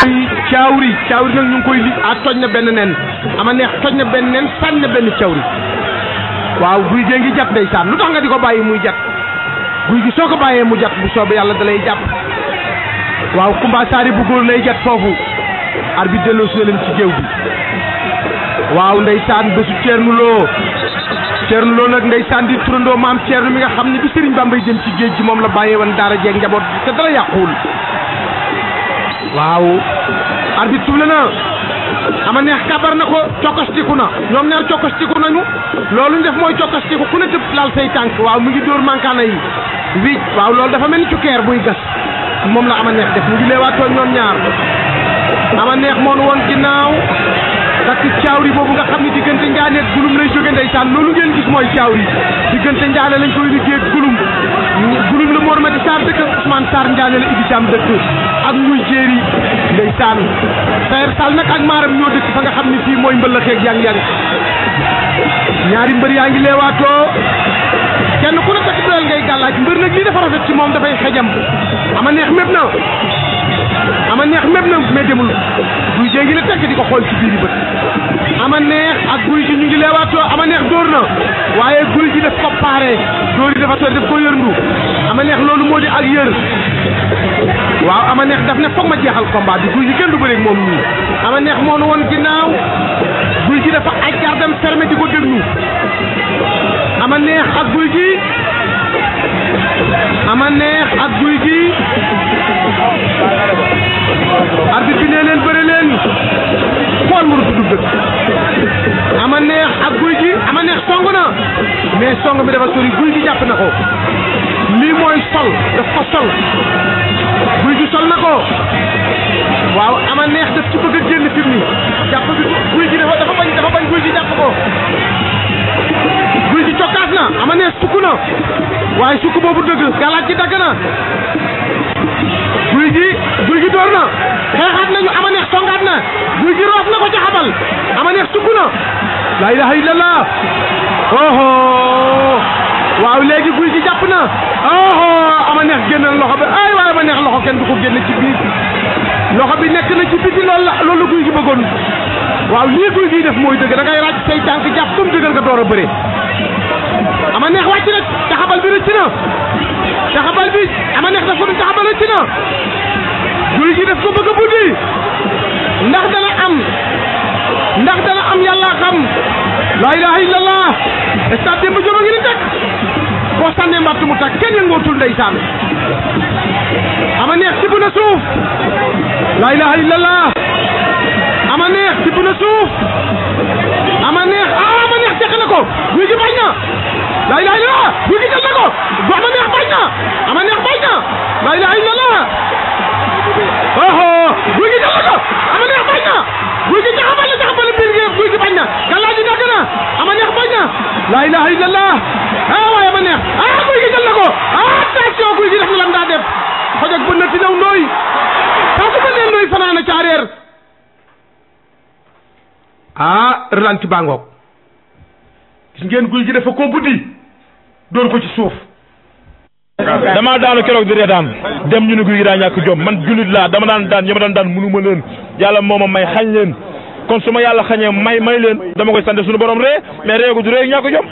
ay caawri caawri nag ñu ngi koy li ah toj na benn nen ama neex toj na benn nen sànni na benn caawri waaw guy gee ngi jat ndeysaan lu tax nga di ko bàyyi muy jat guy gi soo ko bàyyee mu jat bu soobee yàlla da lay jàpp waaw kumba saari bu góor lay jat foofu arbitre delloosi su leen ci géew bi waaw ndeysaan bésu Thierno Lo Thierno Lo nag ndeysaan di turandoo maam Thierno bi nga xam ne bi Serigne Bambay dem ci géej gi moom la bàyyee woon daara jeeg njaboot te dara waaw arbitre suble na ama neex kabar na ko cokkastiku na ñoom ñaar cokkastiku nañu loolu ñu def mooy cokkastiku ku ne tëb laal say tànk waaw mu ngi dóor mankaana yi wiic waaw loolu dafa mel ni cukkeer buy gas moom la ama neex def mu ngi leewaatoo ñoom ñaar ama neex moon woon ginnaaw takk caawri boobu nga xam ne diggante njaaneeg gulum lay jóge ndeysaan loolu ngeen gis mooy caawri diggante njaane lañ koy liggéey gulum gulum la Mor Mati Sarr dëkk Ousmane Sarr Ndiagne la Ibi Thiam dëkk ak muy jéeri ndeysaan Saer Sall nag ak Maram ñoo dëkk fa nga xam ne fii mooy mbëllëxeeg yang-yang ñaari mbër yaa ngi leewaatoo kenn ku ne takk doyal ngay gàllaaj mbër nag lii dafa rafet ci moom dafay xejam ama neex mépp na ama neex mépp na mais demul guy gée ngi ne tekk di ko xool ci biir yi bët ama neex ak guy gi ñu ngi leewaatoo ama neex dóor na waaye guy gi daf ko paare dóor yi dafa tooy daf ko yërndu ama neex loolu moo di neex moom moo nu woon ginnaaw guy gi dafa aj gardam di ko déglu ama neex ak guy gi ama neex ak guy gi arbitre bi nee leen bëri leen xool mu ama neex ak guy gi ama neex song na mais song bi dafa sori guy gi jàpp na ko lii mooy sol daf ko sol guy gi sol na ko waaw ama neex daf ci bëgg a génn fi mu nii guy gi dafa dafa bañ dafa bañ guy gi jàpp guy gi cokkaas na ama neex sukk na waaye sukk boobu dëgg galaat ci dagg na xeexaat nañu amaneex tongaat na guy gi roof na ko ca xabal amaneex sukk na la ilaha illallah oho waaw léegi guy gi jàpp na oho amaneex génnal loxo bi ay waaye amaneex loxo kenn du ko génne ci biir loxo bi nekk na ci biti loolu la loolu guy gi bëggoon waaw lii guy gi def mooy dëgg da ngay ràcc say tànk jàpp comme dëggal nga door a bëre amaneex wàcc na taxabal bi rëcc na taxabal bi amaneex dafa taxabal rëcc na guy gi def ko bëgg a ndax dana am ndax dana am yàlla xam laa ilaha illallah stade Demba Diop a ngi ni teg boo sànnee mbattu mu tag kenn yëngootul ndeysaan ama neex tibb na laa ilaha ama neex tibb na ama neex ah, ama neex teq na ko guy gi bañ na laa ilaha guy gi jël na ko ama neex bañ na ama neex bañ na laa ilaha oho guy gi jàpp na ama neex bañ na guy gi jaxabal na jaxabal na biir guy gi bañ na galaaj gi dagg na ama neex bañ na laa ilaha illallah ah waay ama neex ah guy gi jël na ko ah, attention guy gi def na daa def xojog bën na ti naw ndooy parce que fanaana caareer ah ralenti baa ngoog gis ngeen guy gi dafa ko buddi doon ko ci suuf damaa daanu keroog di reetaan dem ñu ne guy gi daa ñàkk jom man jullit laa dama daan daan ñi ma daan daan mënu ma leen yàlla moo ma may xañ leen kon su ma yàlla xañee may may leen dama koy sant suñu borom ree mais ree ko ree ñàkk jom